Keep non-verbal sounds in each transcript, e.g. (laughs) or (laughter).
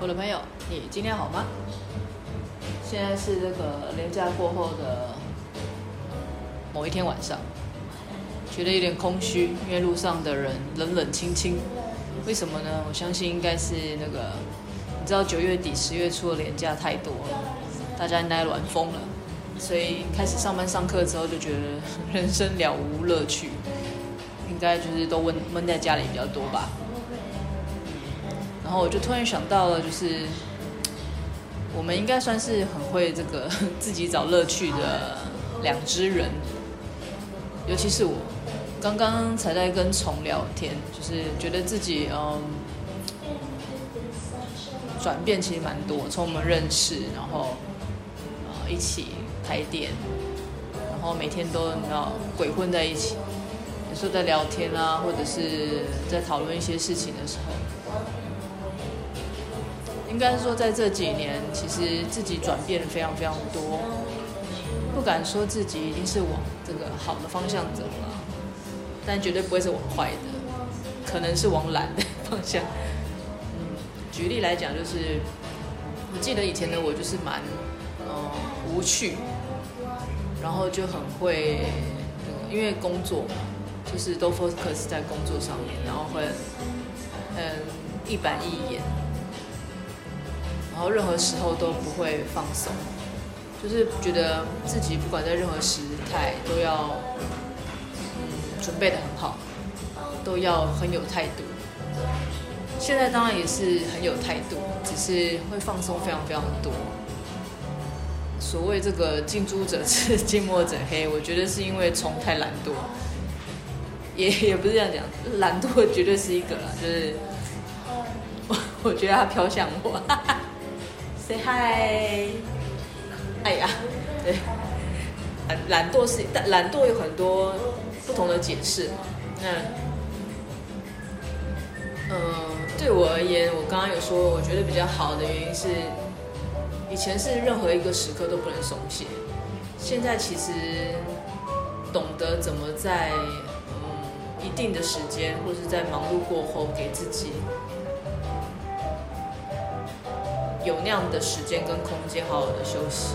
我的朋友，你今天好嗎？現在是這個連假過後的某一天晚上，覺得有點空虛，因為路上的人冷冷清清。為什麼呢？我相信應該是那個，你知道九月底十月初的連假太多了，大家應該玩瘋了，所以開始上班上課之後就覺得人生了無樂趣，應該就是都悶悶在家裡比較多吧。然後我就突然想到了，就是我們應該算是很會這個自己找樂趣的兩隻人，尤其是我，剛剛才在跟蟲聊天，就是覺得自己嗯轉變其實蠻多，從我們認識，然後一起開店，然後每天都你知道鬼混在一起，有時候在聊天啊，或者是在討論一些事情的時候。應該是說，在這幾年，其實自己轉變了非常非常多，不敢說自己一定是往這個好的方向走了，但絕對不會是往壞的，可能是往懶的方向。嗯，舉例來講，就是我記得以前的我就是蠻，呃、無趣，然後就很會，呃、因為工作嘛，就是都 focus 在工作上面，然後會很，很一板一眼。然後任何時候都不會放鬆，就是覺得自己不管在任何時態都要嗯準備得很好，然後都要很有態度。現在當然也是很有態度，只是會放鬆非常非常多。所謂這個近朱者赤，近墨者黑，我覺得是因為蟲太懶惰，也也不是這樣講，懶惰絕對是一個啦，就是我我覺得他飄向我。say hi 哎呀，對，懶惰是，懶惰有很多不同的解釋。那、嗯，嗯、呃，對我而言，我剛剛有說，我覺得比較好的原因是，以前是任何一個時刻都不能鬆懈，現在其實懂得怎麼在嗯一定的時間，或是在忙碌過後，給自己。有那樣的時間跟空間，好好的休息。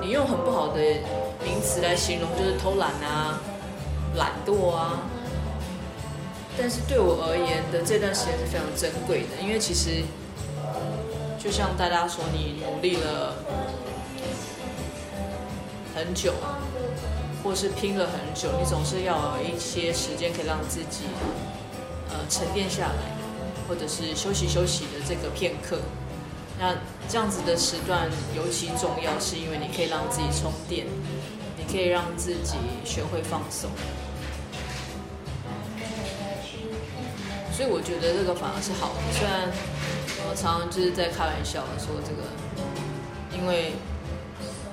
你用很不好的名詞來形容，就是偷懶啊、懶惰啊。但是對我而言的這段時間是非常珍貴的，因為其實就像大家說，你努力了很久，或是拼了很久，你總是要有一些時間可以讓自己、呃、沉澱下來。或者是休息休息的這個片刻，那這樣子的時段尤其重要，是因為你可以讓自己充電，你可以讓自己學會放鬆。嗯。所以我覺得這個反而是好的。雖然我常常就是在開玩笑的說這個，因為。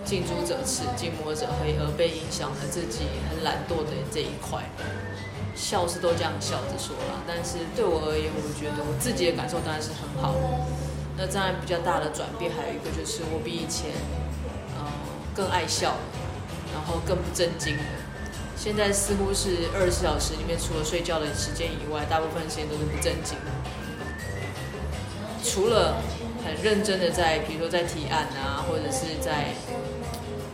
近朱者赤，近墨者黑，而被影響了自己很懶惰的這一塊。笑是都這樣笑着說啦，但是對我而言，我覺得我自己的感受當然是很好。那當然比較大的轉變，還有一個就是我比以前，呃，更愛笑，然後更不正經的。現在似乎是二十四小時裡面，除了睡覺的時間以外，大部分時間都是不正經的。除了很認真的在，比如說在提案啊，或者是在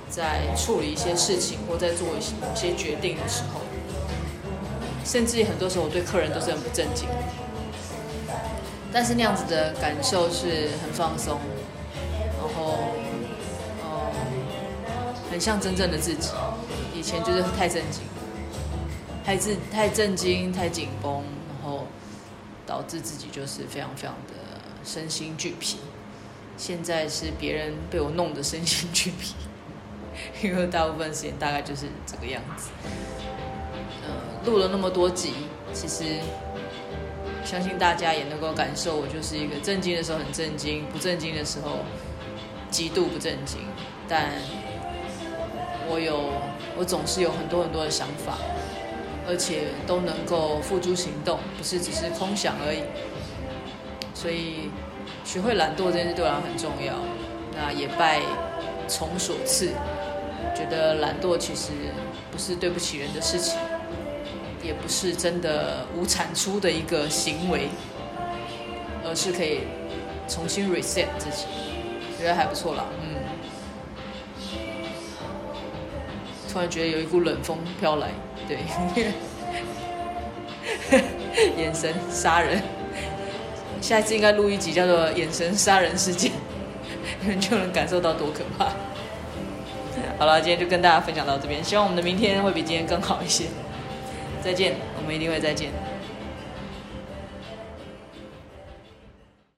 在處理一些事情，或在做一些某些決定的時候，甚至很多時候我對客人都是很不正經的，但是那樣子的感受是很放鬆，然後嗯很像真正的自己。以前就是太正經，太自太正經太緊繃，然後導致自己就是非常非常的。身心俱疲，現在是別人被我弄得身心俱疲，因為大部分時間大概就是這個樣子。呃，錄了那麼多集，其實相信大家也能夠感受，我就是一個正經的時候很正經，不正經的時候極度不正經。但，我有，我總是有很多很多的想法，而且都能夠付諸行動，不是只是空想而已。所以，學會懶惰這件事對我來講很重要。那也拜從所賜，覺得懶惰其實不是對不起人的事情，也不是真的無產出的一個行為，而是可以重新 reset 自己，覺得還不錯啦。嗯，突然覺得有一股冷風飄來，對， (laughs) 眼神殺人。下一次應該錄一集叫做《眼神殺人事件》，你們就能感受到多可怕。 (laughs) 好了，今天就跟大家分享到這邊，希望我們的明天會比今天更好一些。再見，我們一定會再見。